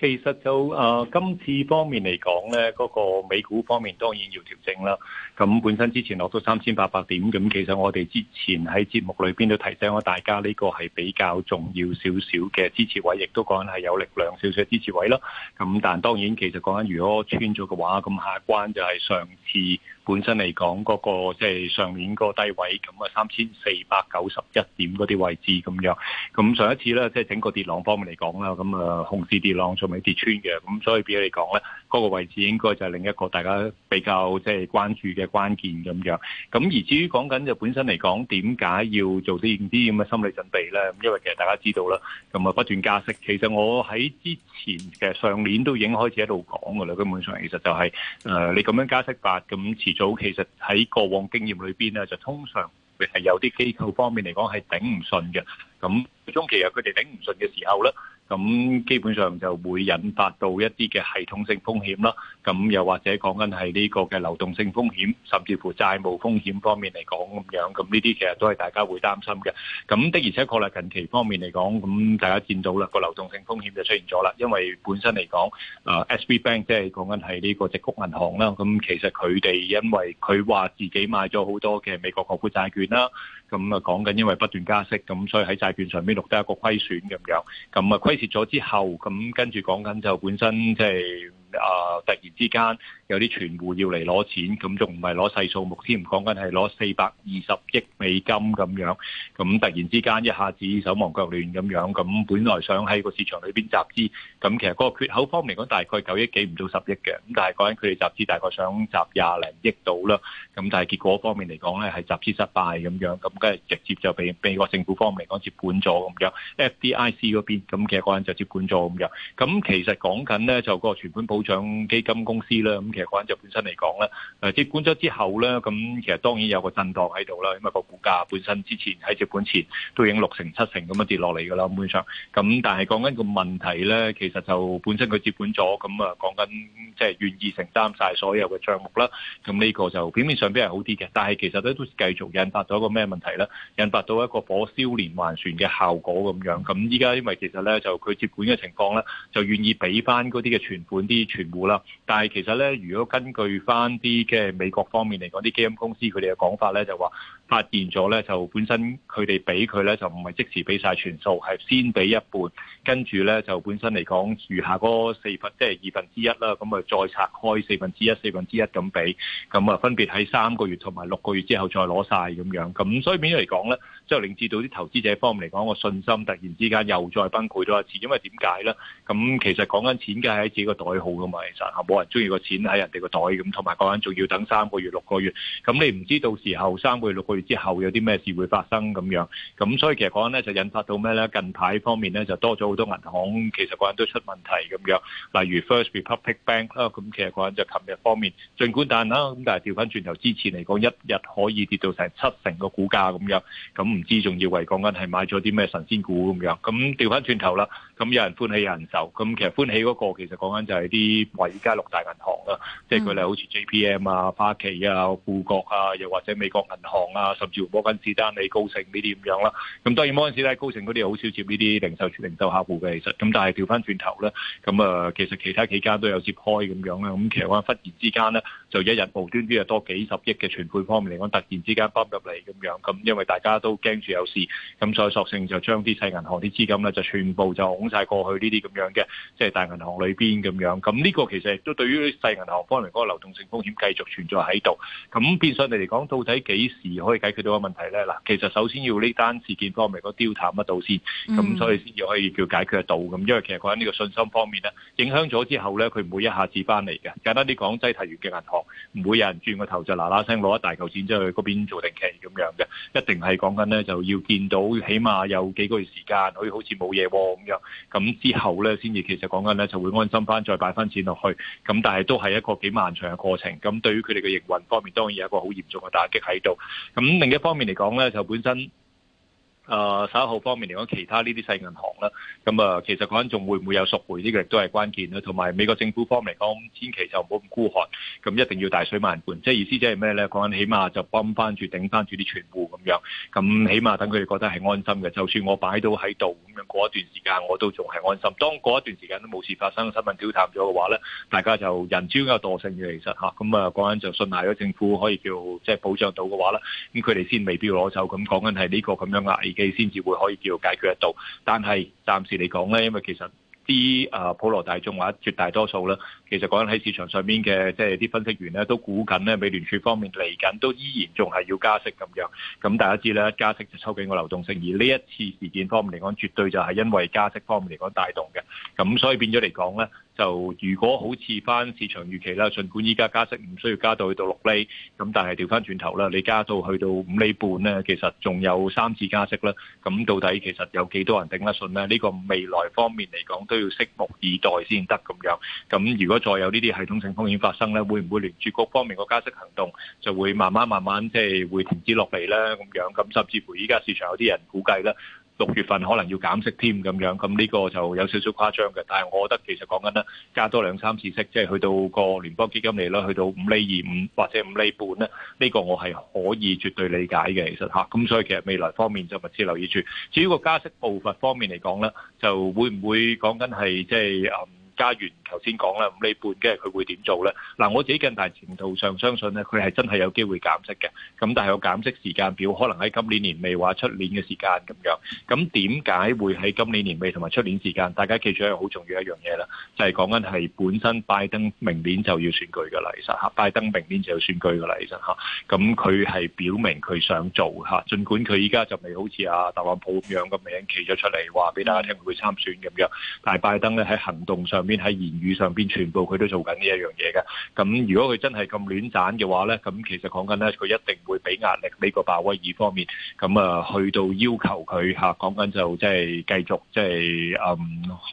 其實就啊，今次方面嚟講呢，嗰個美股方面當然要調整啦。咁本身之前落到三千八百點，咁其實我哋之前喺節目裏邊都提醒咗大家，呢個係比較重要少少嘅支持位，亦都講係有力量少少嘅支持位咯。咁但係當然，其實講緊如果穿咗嘅話，咁下一關就係上次本身嚟講嗰個即係上年嗰個低位，咁啊三千四百九十一點嗰啲位置咁樣。咁上一次咧，即係整個跌浪方面嚟講啦，咁啊熊市跌浪仲未跌穿嘅，咁所以俾你講咧，嗰個位置應該就係另一個大家比較即係關注嘅。關鍵咁樣，咁而至於講緊就本身嚟講，點解要做啲咁啲咁嘅心理準備呢？因為其實大家知道啦，咁啊不斷加息。其實我喺之前其實上年都已經開始喺度講㗎喇。根本上其實就係誒你咁樣加息法咁，遲早其實喺過往經驗裏邊呢，就通常會係有啲機構方面嚟講係頂唔順嘅。咁最終其實佢哋頂唔順嘅時候呢。咁基本上就會引發到一啲嘅系統性風險啦。咁又或者講緊係呢個嘅流動性風險，甚至乎債務風險方面嚟講咁樣。咁呢啲其實都係大家會擔心嘅。咁的而且確啦，近期方面嚟講，咁大家見到啦，個流動性風險就出現咗啦。因為本身嚟講，啊、呃、SVB Bank 即係講緊係呢個矽谷銀行啦。咁其實佢哋因為佢話自己買咗好多嘅美國國庫債券啦。咁啊講緊，因為不斷加息，咁所以喺債券上邊錄得一個虧損。咁樣，咁啊虧蝕咗之後，咁跟住講緊就本身即係啊突然之間。有啲存戶要嚟攞錢，咁仲唔係攞細數目添？講緊係攞四百二十億美金咁樣，咁突然之間一下子手忙腳亂咁樣，咁本來想喺個市場裏邊集資，咁其實嗰個缺口方面嚟講大概九億幾唔到十億嘅，咁但係講緊佢哋集資大概想集廿零億到啦，咁但係結果方面嚟講咧係集資失敗咁樣，咁梗係直接就被美國政府方面嚟講接管咗咁樣，F.D.I.C. 嗰邊，咁其實嗰陣就接管咗咁樣，咁其實講緊咧就個存款保障基金公司啦，咁。講緊就本身嚟講咧，誒接管咗之後咧，咁其實當然有個震盪喺度啦，因為個股價本身之前喺接管前都已經六成七成咁樣跌落嚟噶啦，基本上。咁但係講緊個問題咧，其實就本身佢接管咗，咁啊講緊即係願意承擔晒所有嘅帳目啦。咁呢個就表面上比係好啲嘅，但係其實咧都繼續引發咗一個咩問題咧？引發到一個火燒連環船嘅效果咁樣。咁依家因為其實咧就佢接管嘅情況咧，就願意俾翻嗰啲嘅存款啲存戶啦。但係其實咧如果根據翻啲即係美國方面嚟講，啲基金公司佢哋嘅講法咧，就話。發現咗咧，就本身佢哋俾佢咧就唔係即時俾晒全數，係先俾一半，跟住咧就本身嚟講餘下嗰四分，即係二分之一啦，咁啊再拆開四分之一、四分之一咁俾，咁啊分別喺三個月同埋六個月之後再攞晒。咁樣，咁所以變咗嚟講咧，即係令至到啲投資者方面嚟講個信心突然之間又再崩潰咗一次，因為點解咧？咁其實講緊錢嘅係喺自己個袋號噶嘛，其實冇人中意個錢喺人哋個袋咁，同埋講緊仲要等三個月、六個月，咁你唔知道到時候三個月、六個月。之後有啲咩事會發生咁樣，咁所以其實講緊咧就引發到咩咧？近排方面咧就多咗好多銀行，其實講緊都出問題咁樣，例如 First Republic Bank 啦，咁其實講緊就琴日方面，盡管彈啦，咁但係調翻轉頭之前嚟講，一日可以跌到成七成個股價咁樣，咁唔知仲以為講緊係買咗啲咩神仙股咁樣？咁調翻轉頭啦，咁有人歡喜有人愁,愁，咁其實歡喜嗰個其實講緊就係啲華爾街六大銀行啦，即係佢哋好似 JPM 啊、花旗啊、富國啊，又或者美國銀行啊。甚至乎摩根士丹利、高盛呢啲咁樣啦，咁當然摩根士丹利、高盛嗰啲好少接呢啲零售、零售客戶嘅，其實咁但係調翻轉頭咧，咁啊其實其他幾間都有接開咁樣啦。咁其實話忽然之間咧，就一日無端端又多，多幾十億嘅存款方面嚟講，突然之間泵入嚟咁樣，咁因為大家都驚住有事，咁再索性就將啲細銀行啲資金咧就全部就拱曬過去呢啲咁樣嘅，即係大銀行裏邊咁樣。咁、這、呢個其實都對於啲細銀行方面嚟講，那個、流動性風險繼續存在喺度。咁變相嚟講，到底幾時可以解決到個問題咧，嗱，其實首先要呢單事件方面個調查乜到先，咁、mm. 所以先至可以叫解決得到咁。因為其實講緊呢個信心方面咧，影響咗之後咧，佢唔會一下子翻嚟嘅。簡單啲講，擠提完嘅銀行唔會有人轉個頭就嗱嗱聲攞一大嚿錢出去嗰邊做定期咁樣嘅，一定係講緊咧就要見到起碼有幾個月時間，佢好似冇嘢咁樣，咁之後咧先至其實講緊咧就會安心翻再擺翻錢落去，咁但係都係一個幾漫長嘅過程。咁對於佢哋嘅營運方面，當然有一個好嚴重嘅打擊喺度。咁另一方面嚟講咧，就本身。誒十一號方面嚟講，其他呢啲細銀行啦，咁誒其實講緊仲會唔會有贖回呢個亦都係關鍵啦。同埋美國政府方面嚟講，千祈就唔好咁孤寒，咁一定要大水漫灌，即係意思即係咩咧？講緊起碼就幫翻住頂翻住啲存戶咁樣，咁起碼等佢哋覺得係安心嘅。就算我擺到喺度咁樣過一段時間，我都仲係安心。當過一段時間都冇事發生，新聞消淡咗嘅話咧，大家就人招要有惰性嘅，其實嚇。咁誒講緊就信賴咗政府可以叫即係保障到嘅話咧，咁佢哋先未必攞走。咁講緊係呢個咁樣嘅你先至會可以叫解決得到，但係暫時嚟講咧，因為其實啲啊普羅大眾或者絕大多數啦，其實講緊喺市場上邊嘅，即係啲分析員咧都估緊咧，美聯儲方面嚟緊都依然仲係要加息咁樣。咁大家知咧，加息就抽緊個流動性，而呢一次事件方面嚟講，絕對就係因為加息方面嚟講帶動嘅。咁所以變咗嚟講咧。就如果好似翻市場預期啦，儘管依家加息唔需要加到去到六厘，咁但係調翻轉頭啦，你加到去到五厘半咧，其實仲有三次加息啦。咁到底其實有幾多人頂得順咧？呢個未來方面嚟講都要拭目以待先得咁樣。咁如果再有呢啲系統性風險發生咧，會唔會聯儲局方面個加息行動就會慢慢慢慢即係會停止落嚟咧？咁樣咁，甚至乎依家市場有啲人估計咧。六月份可能要減息添咁樣，咁呢個就有少少誇張嘅。但係我覺得其實講緊呢，加多兩三次息，即係去到個聯邦基金利率去到五厘二五或者五厘半咧，呢個我係可以絕對理解嘅。其實吓，咁所以其實未來方面就密切留意住。至於個加息步伐方面嚟講呢，就會唔會講緊係即係加完？頭先講啦，五釐半嘅佢會點做呢？嗱、啊，我自己更大程度上相信呢，佢係真係有機會減息嘅。咁但係個減息時間表，可能喺今年年尾或出年嘅時間咁樣。咁點解會喺今年年尾同埋出年時間？大家記住一個好重要一樣嘢啦，就係講緊係本身拜登明年就要選舉噶啦，其實拜登明年就要選舉噶啦，其實嚇。咁佢係表明佢想做嚇，儘管佢依家就未好似啊特朗普咁樣個名企咗出嚟，話俾大家聽會參選咁樣。但係拜登呢，喺行動上面。喺語上邊全部佢都做緊呢一樣嘢嘅，咁如果佢真係咁亂掙嘅話咧，咁其實講緊咧，佢一定會俾壓力美國鮑威爾方面，咁啊去到要求佢吓講緊就即係繼續，即係誒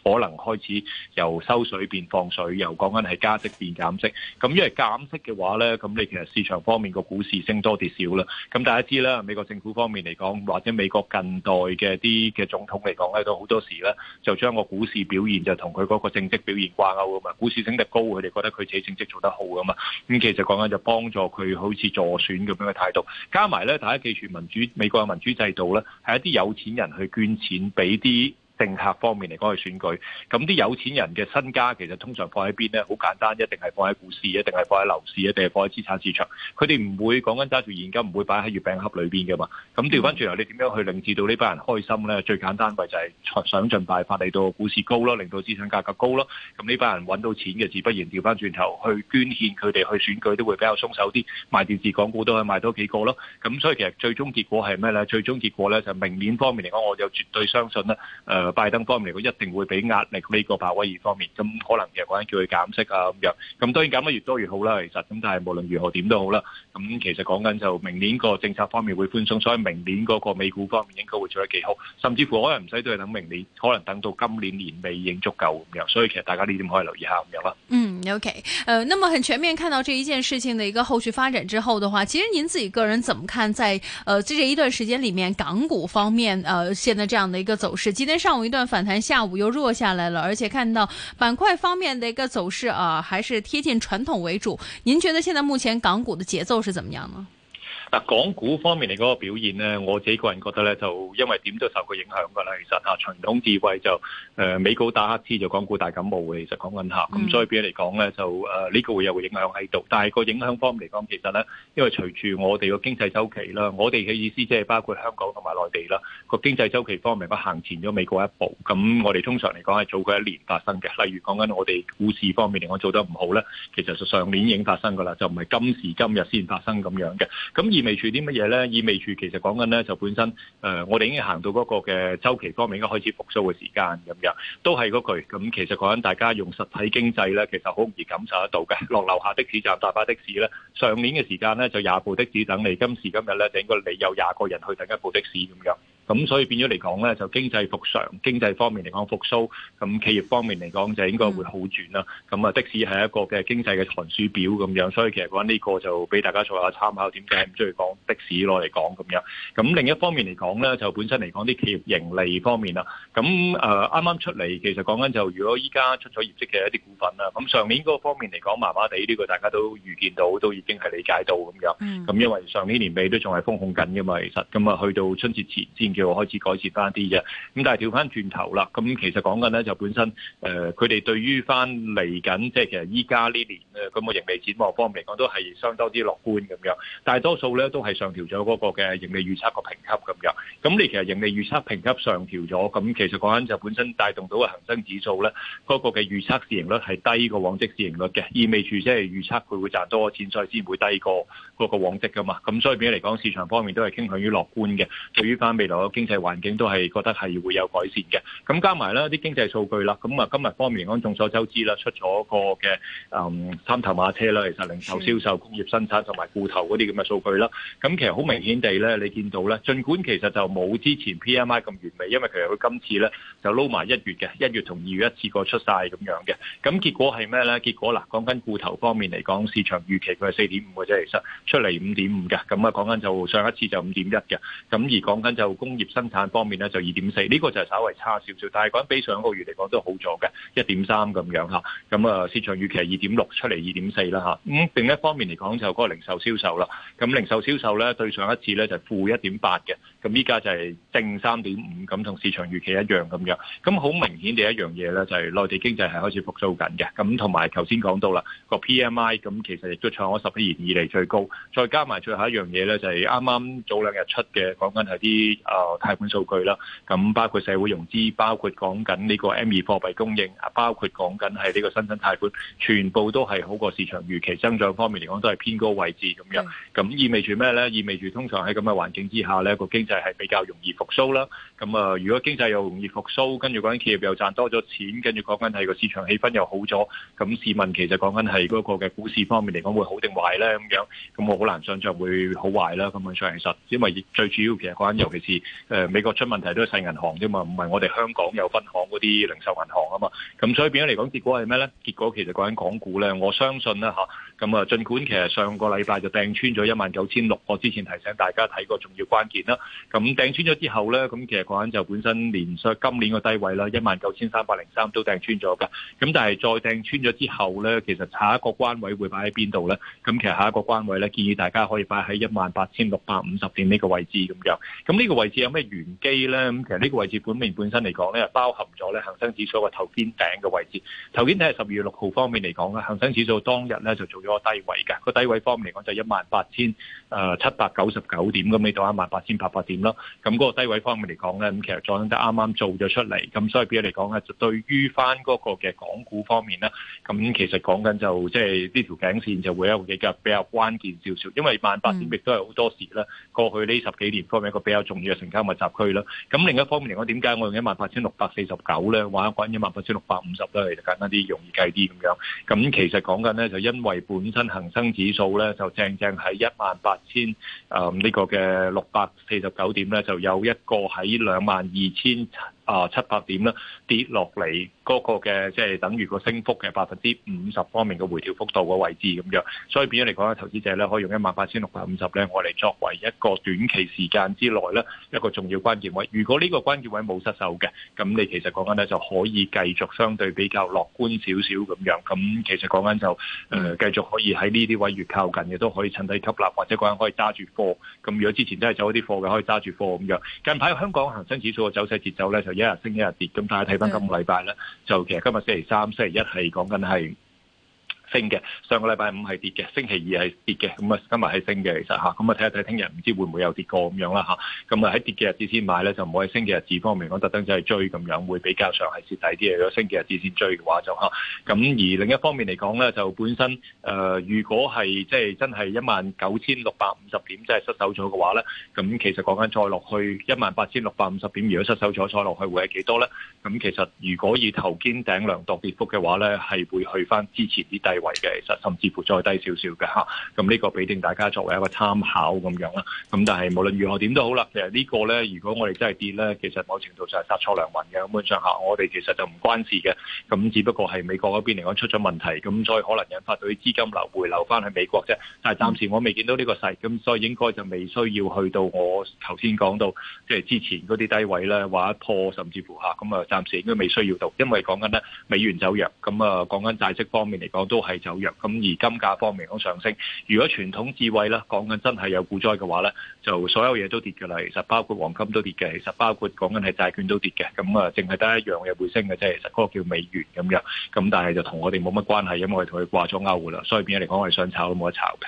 可能開始由收水變放水，又講緊係加息變減息。咁因為減息嘅話咧，咁你其實市場方面個股市升多跌少啦。咁大家知啦，美國政府方面嚟講或者美國近代嘅啲嘅總統嚟講咧，都好多時咧就將個股市表現就同佢嗰個政績表現掛。啊嘛，股市升得高，佢哋覺得佢自己政績做得好㗎嘛。咁、嗯、其實講緊就幫助佢好似助選咁樣嘅態度，加埋咧，大家記住民主美國嘅民主制度咧，係一啲有錢人去捐錢俾啲。政客方面嚟講，去選舉，咁啲有錢人嘅身家其實通常放喺邊咧？好簡單，一定係放喺股市，一定係放喺樓市，一定係放喺資產市場。佢哋唔會講緊揸住現金，唔會擺喺月餅盒裏邊嘅嘛。咁調翻轉頭，你點樣去令至到呢班人開心咧？最簡單咪就係想盡辦法嚟到股市高咯，令到資產價格高咯。咁呢班人揾到錢嘅，自不然調翻轉頭去捐獻佢哋去選舉，都會比較鬆手啲，賣電視廣告都可以賣多幾個咯。咁所以其實最終結果係咩咧？最終結果咧就明年方面嚟講，我就絕對相信咧，誒、呃。拜登方面嚟，佢一定會俾壓力呢個鮑威爾方面，咁可能其實講緊叫佢減息啊咁樣，咁當然減得越多越好啦，其實咁但係無論如何點都好啦，咁其實講緊就明年個政策方面會寬鬆，所以明年嗰個美股方面應該會做得幾好，甚至乎可能唔使都係等明年，可能等到今年年尾已經足夠咁樣，所以其實大家呢點可以留意下咁樣啦。嗯，OK，呃，那麼很全面看到這一件事情的一個後續發展之後的話，其實您自己個人怎麼看在？在呃，這這一段時間裏面，港股方面呃，現在這樣的一個走勢，今天上一段反彈，下午又弱下來了，而且看到板塊方面的一個走勢啊，還是貼近傳統為主。您覺得現在目前港股的節奏是怎麼樣呢？嗱，但港股方面嚟嗰個表現咧，我自己個人覺得咧，就因為點都受過影響㗎啦。其實嚇，傳統智慧就誒、呃、美股打乞嚏，就港股大感冒嘅。其實講緊嚇，咁所以比起嚟講咧，就誒呢、呃呢個會有個影響喺度。但係個影響方面嚟講，其實咧，因為隨住我哋個經濟周期啦，我哋嘅意思即係包括香港同埋內地啦、嗰個經濟周期方面，佢行前咗美國一步。咁我哋通常嚟講係早過一年發生嘅。例如講緊我哋股市方面嚟講做得唔好咧，其實就上年已經發生㗎啦，就唔係今時今日先發生咁樣嘅。咁意味住啲乜嘢咧？意味住其實講緊咧，就本身誒、呃，我哋已經行到嗰個嘅周期方面，應該開始復甦嘅時間咁樣，都係嗰句。咁其實講緊大家用實體經濟咧，其實好容易感受得到嘅。落樓下的士站搭翻的士咧，上年嘅時間咧就廿部的士等你，今時今日咧，就應該你有廿個人去等一部的士咁樣。咁所以變咗嚟講咧，就經濟復常，經濟方面嚟講復甦，咁企業方面嚟講就應該會好轉啦。咁啊，嗯、的士係一個嘅經濟嘅寒暑表咁樣，所以其實講呢個就俾大家做下參考。點解唔中意講的士攞嚟講咁樣？咁另一方面嚟講咧，就本身嚟講啲企業盈利方面啦、啊，咁誒啱啱出嚟，其實講緊就如果依家出咗業績嘅一啲股份啦、啊，咁上年嗰個方面嚟講麻麻地，呢、呢個大家都預見到，都已經係理解到咁樣。咁、嗯、因為上年年尾都仲係封控緊嘅嘛，其實咁啊，去到春節前先。要開始改善翻啲啫，咁但係調翻轉頭啦，咁其實講緊咧就本身，誒佢哋對於翻嚟緊，即係其實依家呢年咧，咁個盈利展望方面嚟講都係相當之樂觀咁樣，大多數咧都係上調咗嗰個嘅盈利預測個評級咁樣。咁你其實盈利預測評級上調咗，咁其實講緊就本身帶動到個恆生指數咧嗰個嘅預測市盈率係低過往績市盈率嘅，意味住即係預測佢會賺多錢，所以先會低過嗰個往績噶嘛。咁所以變咗嚟講，市場方面都係傾向於樂觀嘅，對於翻未來。經濟環境都係覺得係會有改善嘅，咁加埋咧啲經濟數據啦，咁啊今日方面嚟講，眾所周知啦，出咗個嘅誒三頭馬車啦，其實零售銷售、工業生產同埋固投嗰啲咁嘅數據啦，咁其實好明顯地咧，你見到咧，儘管其實就冇之前 PMI 咁完美，因為其實佢今次咧就撈埋一月嘅一月同二月一次過出曬咁樣嘅，咁結果係咩咧？結果嗱，講緊固投方面嚟講，市場預期佢係四點五嘅啫，其實出嚟五點五嘅，咁啊講緊就上一次就五點一嘅，咁而講緊就工業生產方面咧就二點四，呢個就稍微差少少，但係講比上個月嚟講都好咗嘅一點三咁樣吓，咁啊,啊市場預期係二點六出嚟二點四啦吓，咁、嗯、另一方面嚟講就嗰個零售銷售啦，咁零售銷售咧對上一次咧就係負一點八嘅。咁依家就係正三點五，咁同市場預期一樣咁樣。咁好明顯嘅一樣嘢咧，就係內地經濟係開始復甦緊嘅。咁同埋頭先講到啦，個 PMI，咁其實亦都創咗十一年以嚟最高。再加埋最後一樣嘢咧，就係啱啱早兩日出嘅講緊係啲誒貸款數據啦。咁包括社會融資，包括講緊呢個 M 二貨幣供應，啊，包括講緊係呢個新增貸款，全部都係好過市場預期，增長方面嚟講都係偏高位置咁樣。咁意味住咩咧？意味住通常喺咁嘅環境之下咧，個經濟係比較容易復甦啦，咁、嗯、啊，如果經濟又容易復甦，跟住嗰間企業又賺多咗錢，跟住講緊係個市場氣氛又好咗，咁市民其實講緊係嗰個嘅股市方面嚟講，會好定壞咧？咁樣，咁我好難想象會好壞啦。咁啊，所以其實，因為最主要其實講緊尤其是誒美國出問題都係細銀行啫嘛，唔係我哋香港有分行嗰啲零售銀行啊嘛，咁所以變咗嚟講，結果係咩咧？結果其實講緊港股咧，我相信啦吓，咁啊，盡、嗯、管其實上個禮拜就掟穿咗一萬九千六，我之前提醒大家睇過重要關鍵啦。咁掟穿咗之後咧，咁其實講緊就本身年率今年個低位啦，一萬九千三百零三都掟穿咗嘅。咁但係再掟穿咗之後咧，其實下一個關位會擺喺邊度咧？咁其實下一個關位咧，建議大家可以擺喺一萬八千六百五十點呢個位置咁樣。咁呢個位置有咩玄機咧？咁其實呢個位置本面本身嚟講咧，包含咗咧恒生指數嘅頭肩頂嘅位置。頭肩頂係十二月六號方面嚟講咧，恒生指數當日咧就做咗個低位嘅，那個低位方面嚟講就一萬八千誒七百九十九點咁嘅度，一萬八千八百點咯？咁嗰個低位方面嚟講咧，咁其實再啱啱做咗出嚟，咁所以點解嚟講咧？就對於翻嗰個嘅港股方面咧，咁其實講緊就即係呢條頸線就會有幾個比較關鍵少少，因為萬八點亦都係好多時咧過去呢十幾年方面一個比較重要嘅成交密集區啦。咁另一方面嚟講，點解我用一萬八千六百四十九咧，或者講一萬八千六百五十咧，其實簡單啲容易計啲咁樣。咁其實講緊咧，就因為本身恆生指數咧，就正正喺一萬八千誒呢個嘅六百四十九。九點咧，就有一個喺兩萬二千。啊，七百點啦，跌落嚟嗰個嘅即係等於個升幅嘅百分之五十方面嘅回調幅度嘅位置咁樣，所以變咗嚟講咧，投資者咧可以用一萬八千六百五十咧，我哋作為一個短期時間之內咧一個重要關鍵位。如果呢個關鍵位冇失守嘅，咁你其實講緊咧就可以繼續相對比較樂觀少少咁樣。咁其實講緊就誒、呃、繼續可以喺呢啲位越靠近嘅都可以趁低吸納，或者講緊可以揸住貨。咁如果之前真係走一啲貨嘅，可以揸住貨咁樣。近排香港恒生指數嘅走勢節奏咧就～一日升一日跌，咁大家睇翻今個禮拜咧，是的 就其實今日星期三、星期一係講緊係，升嘅，上個禮拜五係跌嘅，星期二係跌嘅，咁啊今日係升嘅，其實咁啊睇一睇聽日唔知會唔會有跌過咁樣啦，咁啊喺跌嘅日子先買咧，就唔好喺升嘅日子方面，我特登就係追咁樣，會比較上係蝕底啲，如果升嘅日子先追嘅話就，就咁而另一方面嚟講咧，就本身誒、呃，如果係即係真係一萬九千六百五十點真係失守咗嘅話咧，咁其實講緊再落去一萬八千六百五十點，如果失守咗再落去會係幾多咧？咁其實如果以頭肩頂量度跌幅嘅話咧，係會去翻之前啲底嘅，其實甚至乎再低少少嘅吓，咁呢個俾定大家作為一個參考咁樣啦。咁但係無論如何點都好啦，其實個呢個咧，如果我哋真係跌咧，其實某程度上係殺錯良民嘅。咁基本上我哋其實就唔關事嘅，咁只不過係美國嗰邊嚟講出咗問題，咁所以可能引發到啲資金流回流翻去美國啫。但係暫時我未見到呢個勢，咁所以應該就未需要去到我頭先講到即係之前嗰啲低位咧，話破甚至乎下。咁啊，暫時應該未需要到，因為講緊咧美元走弱，咁啊講緊債息方面嚟講都。係走弱，咁而金價方面講上升。如果傳統智慧咧講緊真係有股災嘅話咧，就所有嘢都跌嘅啦。其實包括黃金都跌嘅，其實包括講緊係債券都跌嘅。咁啊，淨係得一樣嘢會升嘅啫。其實嗰個叫美元咁樣，咁但係就同我哋冇乜關係，因為我哋同佢掛咗鈎啦，所以變咗嚟講我哋想炒都冇得炒嘅。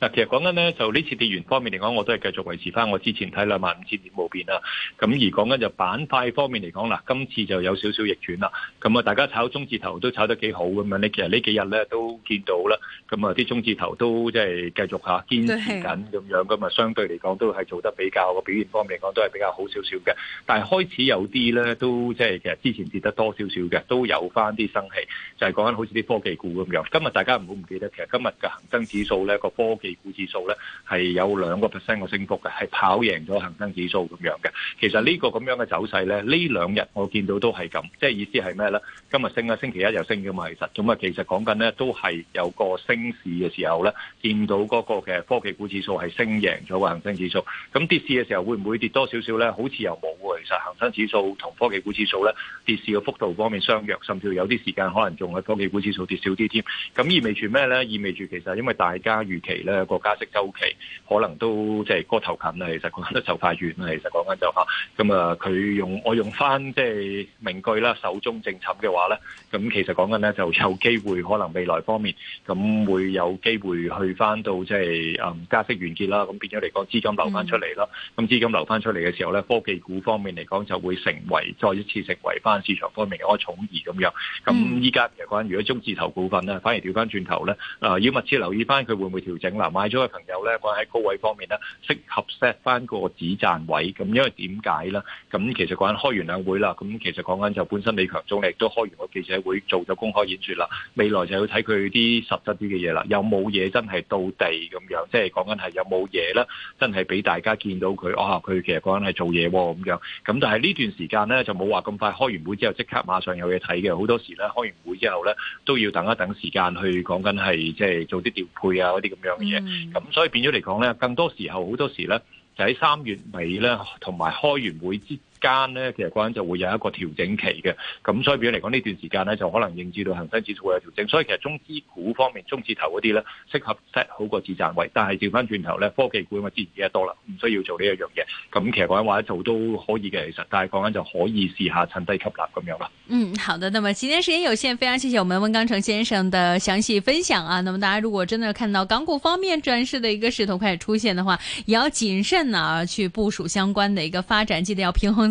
嗱，其實講緊咧，就呢次跌完方面嚟講，我都係繼續維持翻我之前睇兩萬五千點無變啦。咁而講緊就板塊方面嚟講啦，今次就有少少逆轉啦。咁啊，大家炒中字頭都炒得幾好咁樣呢。其實呢幾日咧都見到啦，咁啊啲中字頭都即係繼續下、啊、堅持緊咁樣，咁啊相對嚟講都係做得比較個表現方面嚟講都係比較好少少嘅。但係開始有啲咧都即係其實之前跌得多少少嘅，都有翻啲生氣，就係講緊好似啲科技股咁樣。今日大家唔好唔記得，其實今日嘅恒生指數咧科技股指數咧係有兩個 percent 嘅升幅嘅，係跑贏咗恒生指數咁樣嘅。其實呢個咁樣嘅走勢咧，呢兩日我見到都係咁，即係意思係咩咧？今日升啊，星期一又升噶嘛，其實咁啊，其實講緊咧都係有個升市嘅時候咧，見到嗰個嘅科技股指數係升贏咗個恒生指數。咁跌市嘅時候會唔會跌多少少咧？好似又冇嘅。其實恒生指數同科技股指數咧跌市嘅幅度方面相若，甚至有啲時間可能仲係科技股指數跌少啲添。咁意味住咩咧？意味住其實因為大家預期。咧個加息周期可能都即係過頭近啦，其實講得就快完啦，其實講緊就嚇咁啊！佢用我用翻即係名句啦，手中正沉嘅話咧，咁其實講緊咧就有機會，可能未來方面咁會有機會去翻到即係誒加息完結啦，咁變咗嚟講資金流翻出嚟啦，咁、嗯、資金流翻出嚟嘅時候咧，科技股方面嚟講就會成為再一次成為翻市場方面嘅一個寵兒咁樣。咁依家其實講如果中字頭股份咧反而調翻轉頭咧，誒要密切留意翻佢會唔會調整。頂啦！買咗嘅朋友咧，講喺高位方面咧，適合 set 翻個止賺位。咁因為點解咧？咁其實講緊開完兩會啦。咁其實講緊就本身李強總理亦都開完個記者會，做咗公開演説啦。未來就要睇佢啲實質啲嘅嘢啦。有冇嘢真係到地咁樣？即係講緊係有冇嘢咧，真係俾大家見到佢。啊，佢其實講緊係做嘢喎咁樣。咁但係呢段時間咧，就冇話咁快開完會之後即刻馬上有嘢睇嘅。好多時咧開完會之後咧，都要等一等時間去講緊係即係做啲調配啊嗰啲咁樣。咁、嗯、所以變咗嚟講咧，更多時候好多時咧，就喺三月尾咧，同埋開完會之間呢，其實講緊就會有一個調整期嘅，咁所以變咗嚟講呢段時間呢，就可能引致到恒生指數會有調整，所以其實中資股方面，中字頭嗰啲呢，適合 set 好個止賺位，但係調翻轉頭呢，科技股我自然記得多啦，唔需要做呢一樣嘢，咁其實講緊或者做都可以嘅，其實，但係講緊就可以試下趁低吸納咁樣啦。嗯，好的，那麼今天時間有限，非常謝謝我們溫鋼城先生嘅詳細分享啊！那麼大家如果真的要看到港股方面轉勢的一個勢頭開始出現的話，也要謹慎啊去部署相關的一個發展，記得要平衡。